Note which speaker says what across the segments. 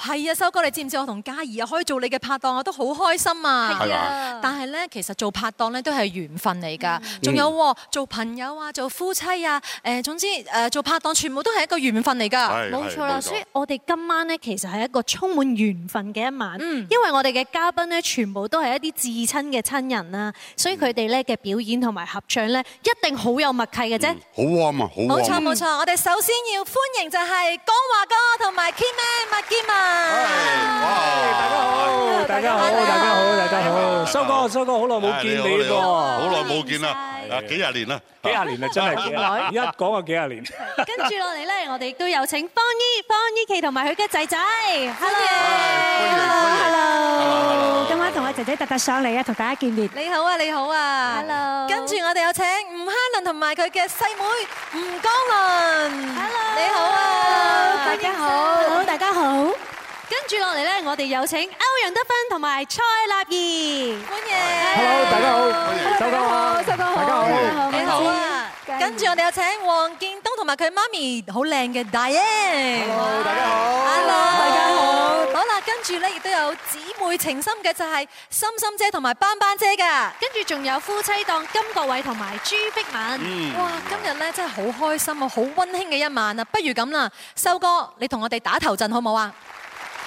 Speaker 1: 係啊，修哥，你知唔知我同嘉怡啊可以做你嘅拍檔，我都好開心啊！係啊吧，但係咧，其實做拍檔咧都係緣分嚟㗎。仲、嗯、有做朋友啊，做夫妻啊，誒、呃，總之誒、呃、做拍檔全部都係一個緣分嚟㗎，冇錯啦、啊。沒錯所以我哋今晚咧其實係一個充滿緣分
Speaker 2: 嘅一晚，嗯、因為我哋嘅嘉賓咧全部都係一啲至親嘅親人啦，所以佢哋咧嘅表演同埋合唱咧一定好有默契嘅啫、嗯
Speaker 3: 啊。好啊！冇錯
Speaker 2: 冇錯，我哋首
Speaker 1: 先要歡迎就係江華哥同埋 Kimmy 麥潔文。Ma.
Speaker 4: 係哇！大家好，大家好，大
Speaker 3: 家好，大家好，修哥，修哥好耐冇見你喎，好耐冇見啦，幾廿年啦，幾廿年
Speaker 4: 啊，真係幾廿年，一講就幾廿年。跟
Speaker 2: 住落嚟咧，我哋亦都有請方伊、方伊琪同埋佢嘅仔仔，Hello，Hello，今晚同阿仔仔特特上嚟啊，同大家見面。
Speaker 1: 你好啊，你好啊，Hello。跟住我哋有請吳香倫同埋佢嘅細妹吳江倫。跟住落嚟咧，我哋有請歐陽德勛同埋蔡立兒，歡迎，hello，大家好，修哥，修哥好，大家好，你好啊，跟住我哋有請黃建東同埋佢媽咪，好靚嘅 Diane，好，大家好，hello，大家好，好啦，跟住咧亦都有姊妹情深嘅就係森森姐同埋斑斑姐嘅，跟住仲有夫妻檔甘國衛同埋朱璧汶，哇，今日咧真係好開心啊，好溫馨嘅一晚啊，不如咁啦，修哥，你同我哋打頭陣好冇啊？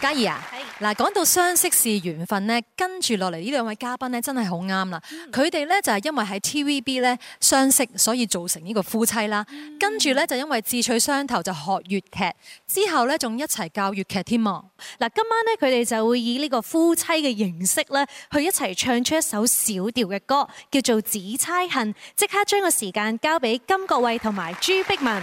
Speaker 1: 嘉怡啊，嗱，講的到相識是緣分呢，跟住落嚟呢兩位嘉賓呢，真係好啱啦。佢哋呢，就係因為喺 TVB 呢相識，所以造成呢個夫妻啦。嗯、跟住呢，就因為志趣相投，就學粵劇，之後呢，仲一齊教粵劇添啊。嗱，今晚呢，佢哋就會以呢個夫妻嘅形
Speaker 2: 式呢，去一齊唱出一首小調嘅歌，叫做《紫釵恨》。即刻將個時間交俾甘國衛同埋朱璧汶。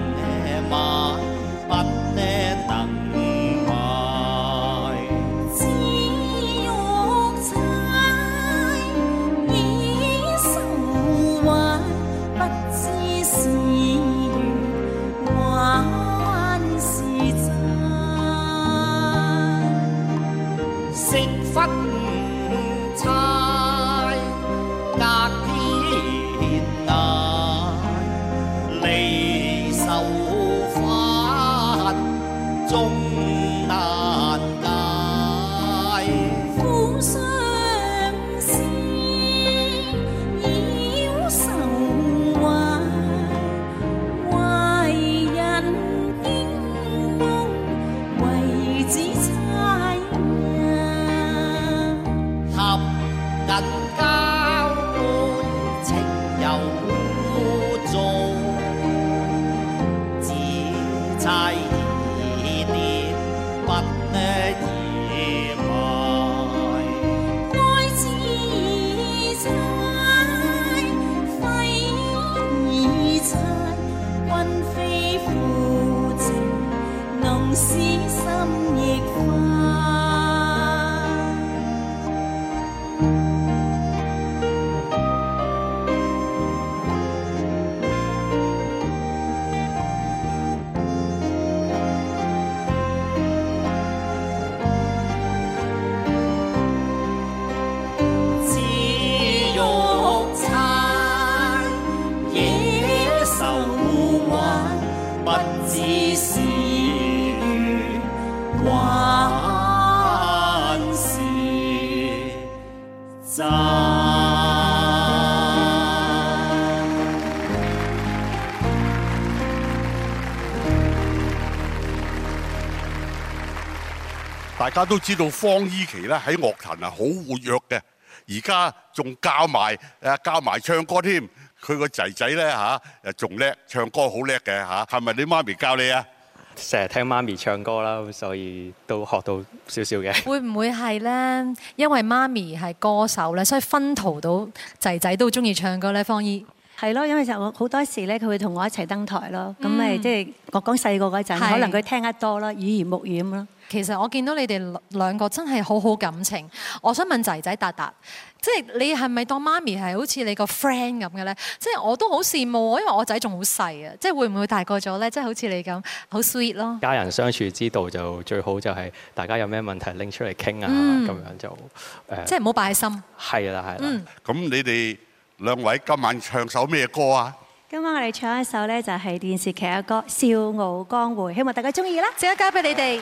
Speaker 3: 大家都知道方伊琪咧，喺樂壇啊好活躍嘅，而家仲教埋誒教埋唱歌添。佢個仔仔咧，嚇，誒仲叻，唱歌好叻嘅嚇，係咪你媽咪教你啊？成日聽媽咪唱歌啦，所以都學到少少嘅。
Speaker 1: 會唔會係咧？因為媽咪係歌手咧，所以薰陶到仔仔都中意唱歌咧。方伊。係咯，因為其實好多時咧，佢會同我一齊登台咯。咁咪即係我講細個嗰陣，是可能佢聽得多啦，耳濡目染啦。其實我見到你哋兩個真係好好感情。我想問仔仔達達，即係、就是、你係咪當媽咪係好似你個 friend 咁嘅咧？即、就、係、是、我都好羨慕，因為我仔仲好細啊。即係會唔會大個咗咧？即、就、係、是、好似你咁好 sweet 咯。
Speaker 5: 家人相處之道就最好就係大
Speaker 3: 家有咩問題拎出嚟傾啊，咁樣就誒。即係唔好擺心。係啦、嗯，係啦。咁你哋。兩位今晚唱首咩歌啊？
Speaker 2: 今晚我哋唱一首咧，就係電視劇嘅歌《笑傲江湖》，希望大家鍾意啦！請交俾你哋。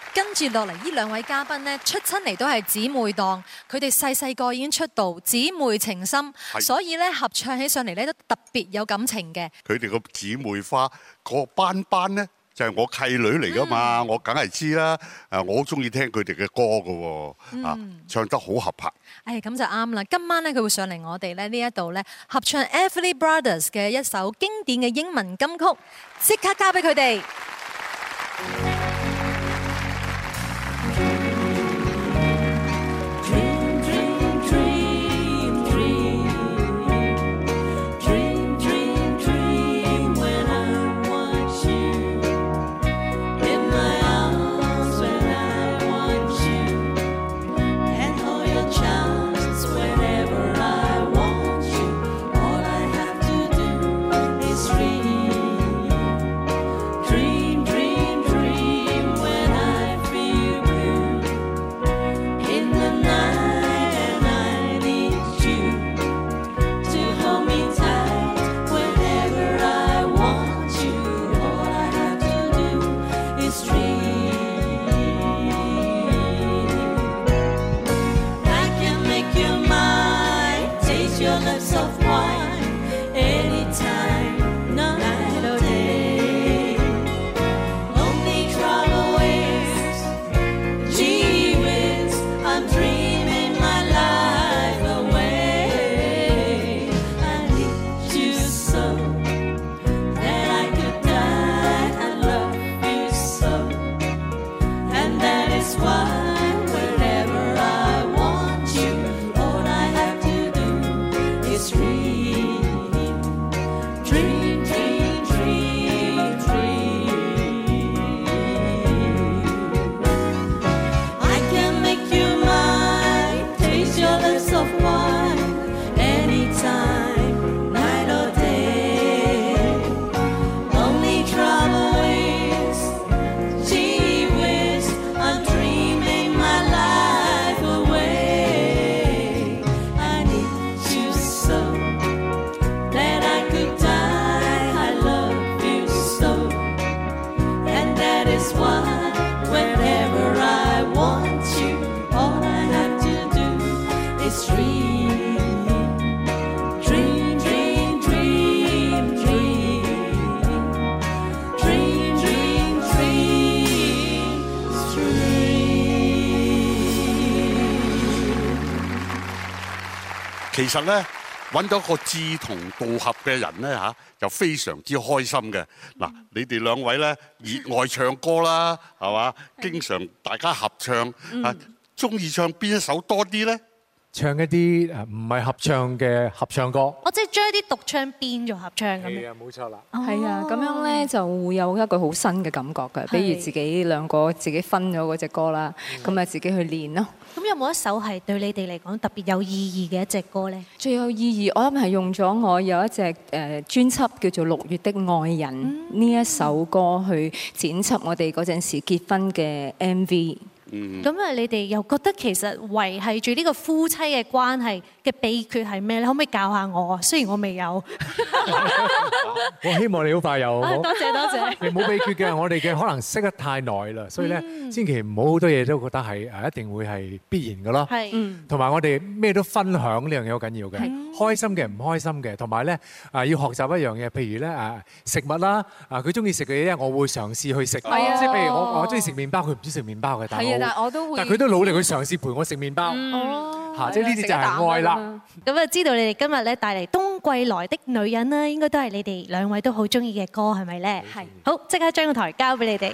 Speaker 1: 跟住落嚟呢兩位嘉賓咧，出親嚟都係姊妹檔，佢哋細細個已經出道，姊妹情深，所以咧合唱起上嚟咧都特別有感情嘅。
Speaker 3: 佢哋個姊妹花個班班咧，就係我契女嚟噶嘛，我梗係知啦。誒，我好中意聽佢哋嘅歌噶喎，啊，唱得好合拍。
Speaker 1: 誒，咁就啱啦。今晚咧佢會上嚟我哋咧呢一度咧合唱 Everly Brothers 嘅一首經典嘅英文金曲，即刻交俾佢哋。
Speaker 3: 其實咧揾到一個志同道合嘅人呢，就非常之開心嘅。嗯，你哋兩位呢，熱愛唱歌啦，係嘛？係。經常大家合唱啊，中意，嗯，唱邊一首多啲呢？唱一啲唔係合唱嘅合唱歌，
Speaker 1: 我即係將一啲獨唱編做合唱
Speaker 6: 咁、哦、樣，係啊，冇錯啦，
Speaker 1: 係啊，咁樣呢就會有一個好新嘅感覺嘅，對 比如自己兩個自己分咗嗰隻歌啦，咁啊是的 自己去練咯。咁有冇一首係對你哋嚟講特別有意義嘅一隻歌呢？最有意義，我諗係用咗我有一隻誒專輯叫做《六月的愛人》呢一首歌去剪輯我哋嗰陣時結婚嘅 MV。咁啊，你哋又覺得其實維係住呢個夫妻
Speaker 2: 嘅關係嘅秘訣係咩咧？可唔可以教下我啊？雖然我未有，
Speaker 4: 我希望你好快有。好多謝多謝。你冇秘訣嘅，我哋嘅可能識得太耐啦，所以咧，千祈唔好好多嘢都覺得係誒一定會係必然㗎咯。係，同埋我哋咩都分享呢樣嘢好緊要嘅，開心嘅唔開心嘅，同埋咧啊要學習一樣嘢，譬如咧啊食物啦，啊佢中意食嘅嘢，我會嘗試去食。係啊，即係譬如我我中意食麪包，佢唔中意食麪包嘅，但係我。但我都會，但佢都努力去嘗試陪我食麪包，嚇、嗯，即係呢啲就係愛啦。
Speaker 2: 咁啊，就知道你哋今日咧帶嚟《冬季來的女人》咧，應該都係你哋兩位都好中意嘅歌，係咪咧？係對，好，即刻將個台交俾你哋。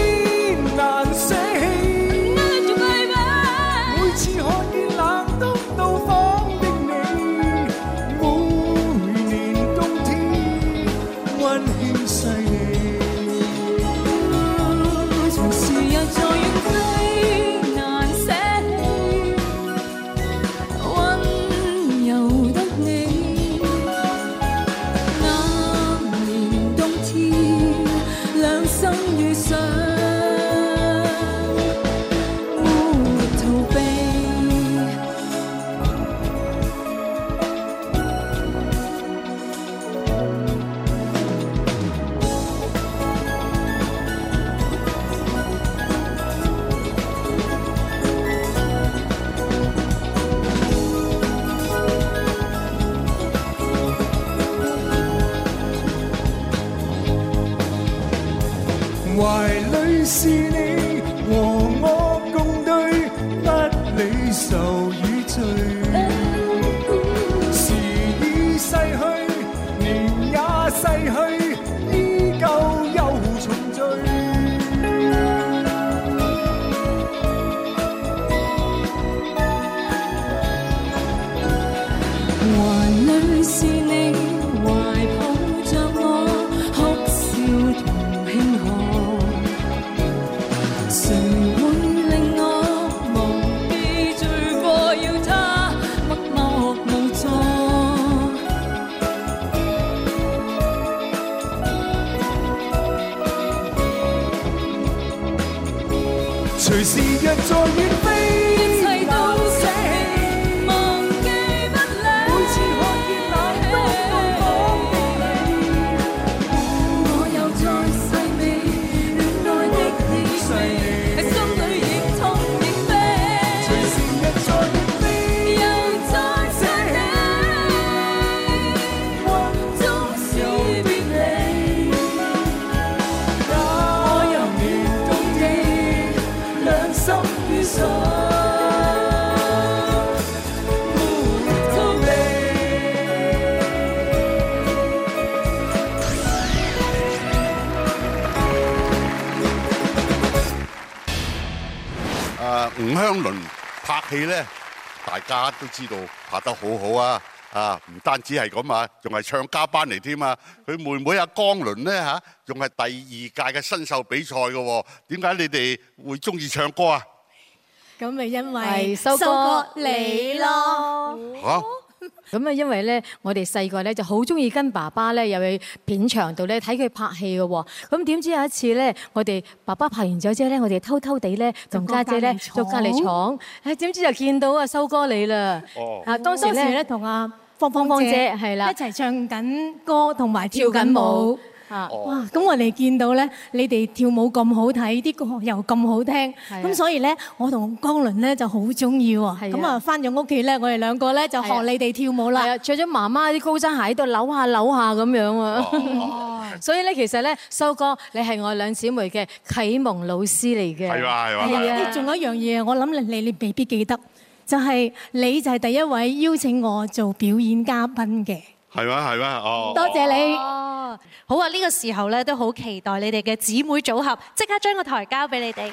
Speaker 3: 都知道拍得好好啊！啊，唔單止係咁啊，仲係唱家班嚟添啊！佢妹妹阿江倫咧嚇，仲係第二屆嘅新秀比賽嘅喎。點解你哋會中意唱歌啊？
Speaker 6: 咁咪因為修哥，修哥你咯
Speaker 3: 嚇。啊
Speaker 1: 咁啊， 因為咧，我哋細個咧就好中意跟爸爸咧，又去片場度咧睇佢拍戲嘅。咁點知有一次咧，我哋爸爸拍完咗之後咧，我哋偷偷地咧同家姐咧做隔籬廠，唉，點知就見到阿修哥你啦。
Speaker 6: 哦，啊，當時咧同
Speaker 1: 阿芳芳芳姐係啦一齊唱緊歌同埋跳緊舞。
Speaker 6: 哇！咁我哋見到咧，你哋跳舞咁好睇，啲歌又咁好聽，咁所以咧，我同江倫咧就好鍾意喎。咁啊，返咗屋企咧，我哋兩個
Speaker 1: 咧就學你哋跳舞啦。著咗媽媽啲高踭鞋喺度扭下扭下咁樣啊。
Speaker 6: 所以咧，其實咧，修哥，你係我兩姊妹嘅啟蒙老師嚟嘅。係嘛？係嘛？依仲有一樣嘢，我諗你你未必記得，就係你就係第一位邀請我做表演嘉賓嘅。
Speaker 3: 係啊，係啊，哦！多謝你哦
Speaker 6: ！Oh.
Speaker 2: 好啊，呢個時候咧都好期待你哋嘅姊妹組合，即刻將個台交俾你哋。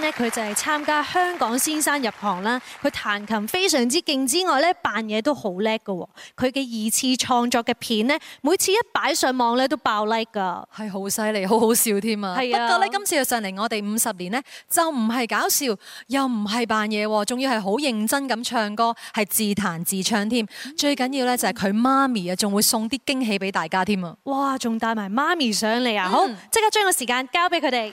Speaker 2: 咧佢就係參加香港先生入行啦，佢彈琴非常之勁之外咧，扮嘢都好叻噶。佢嘅二次創作嘅片呢，每次一
Speaker 1: 擺上網咧都爆 like 噶。係好犀利，好好笑添啊！係啊。不過呢，今次就上嚟，我哋五十年呢，就唔係搞笑，又唔係扮嘢，仲要係好認真咁唱歌，係自彈自唱添。最緊要咧就係佢媽咪啊，仲會送啲驚喜俾大家添啊！哇，仲帶埋媽咪上嚟啊！好，即刻將個時間交俾佢哋。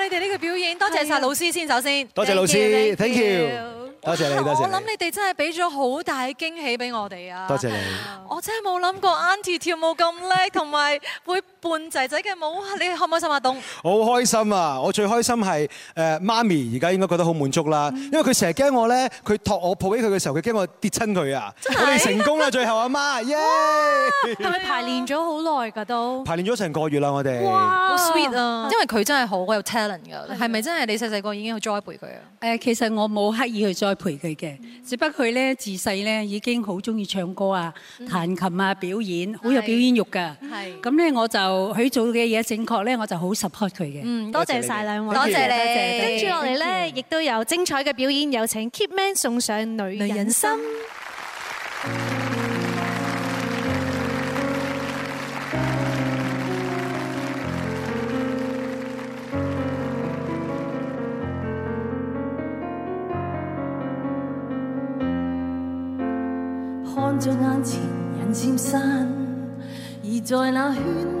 Speaker 1: 晒老師先，首先多謝老師 thank you，
Speaker 5: 多謝老師。我諗你
Speaker 1: 哋真係俾咗好大嘅驚喜俾我哋
Speaker 5: 啊！多謝你，
Speaker 1: 我真係冇諗過 Auntie 跳舞咁叻，同埋會。伴仔仔嘅舞，你開唔開心啊？董，
Speaker 5: 好開心啊！我最開心係誒媽咪，而家應該覺得好滿足啦，因為佢成日驚我咧，佢托我抱起佢嘅時候，佢驚我跌親佢啊！我哋成功啦，最後阿媽，耶！
Speaker 2: 係咪排練
Speaker 1: 咗好耐㗎都？
Speaker 5: 排練咗成個月啦，我哋。哇！
Speaker 1: 好 sweet 啊！因為佢真係好，有 talent 㗎。係咪真係你細細個已經去栽培佢啊？誒，其實我冇刻意去栽培佢嘅，只不過佢咧自細咧已經好中意唱歌啊、彈琴啊、表演，好有表演欲㗎。係。咁咧我就。佢做嘅嘢正確咧，我就好 support 佢嘅。嗯，多謝晒兩位，多謝你。跟住落嚟咧，
Speaker 2: 亦都有精彩嘅表演，有請 Keep Man 送上《女人心》。
Speaker 6: 看著眼前人漸散，而在那圈。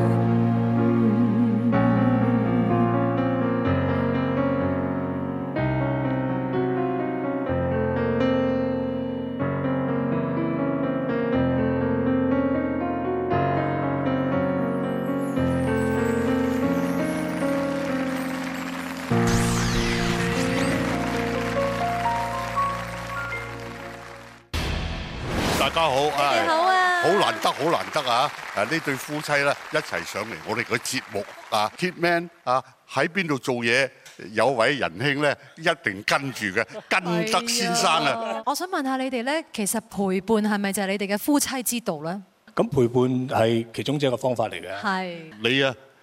Speaker 3: 大家好，你好啊，好難得好難得啊！誒呢對夫妻咧，一齊上嚟，我哋個節目啊 Keep Man 啊喺邊度做嘢？有位仁兄咧，一定跟住嘅，跟得先生是啊！
Speaker 1: 我想問下你哋咧，其實陪伴係咪就係你哋嘅夫妻之道咧？
Speaker 3: 咁陪伴係其中一個方法嚟嘅，係是 你啊。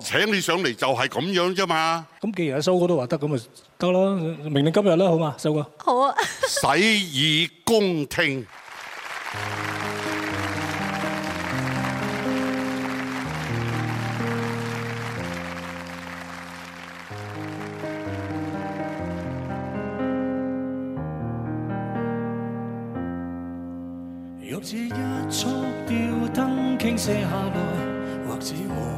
Speaker 3: 請你上嚟就係咁樣啫嘛！咁既然
Speaker 4: 阿蘇哥都話得，咁咪得咯，明年今日啦，好嘛，蘇哥？
Speaker 3: 好啊。洗耳恭聽。
Speaker 4: 若似一束吊燈傾瀉下來，或似我。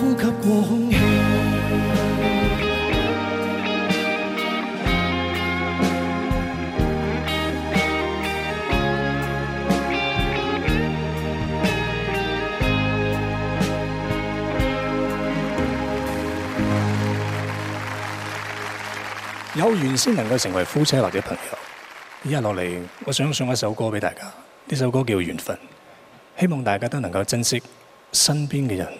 Speaker 4: 呼吸過空
Speaker 6: 氣，
Speaker 4: 有緣先能夠成為夫妻或者朋友。呢日落嚟，我想送一首歌俾大家，呢首歌叫《緣分》，希望大家都能夠珍惜身邊嘅人。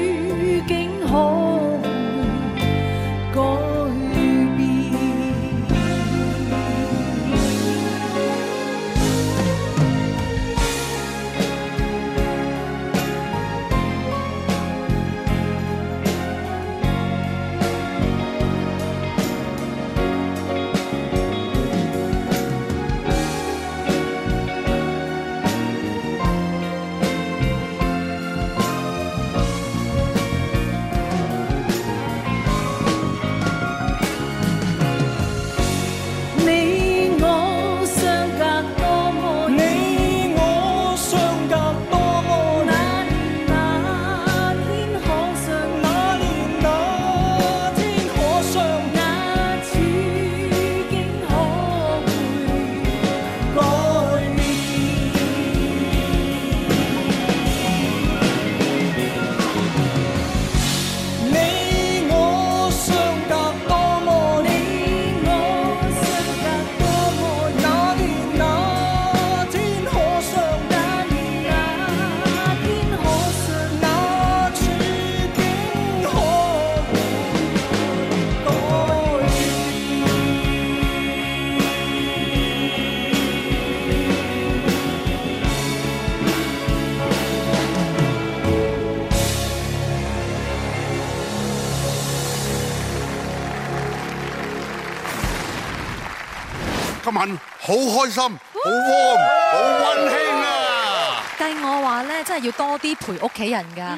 Speaker 3: 好開心，好 warm，
Speaker 1: 好温馨啊！計我話咧，真係要多啲陪屋企人噶。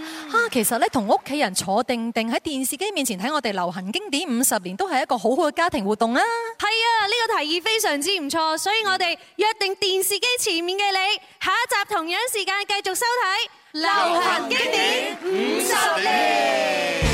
Speaker 1: 其實咧，同屋企人坐定定喺電視機面前睇我哋流行經典五十年，都係一個好好嘅家庭活動啊！係啊，呢個提議非常之唔錯，所以我哋約定電視機前
Speaker 2: 面嘅你，下一集同樣時間繼續收睇流行經典
Speaker 6: 五十年。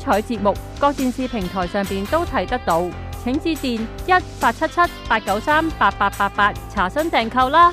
Speaker 1: 彩節目，各電視平台上邊都睇得到，請致電一八七七八九三八八八八查詢
Speaker 2: 訂購啦。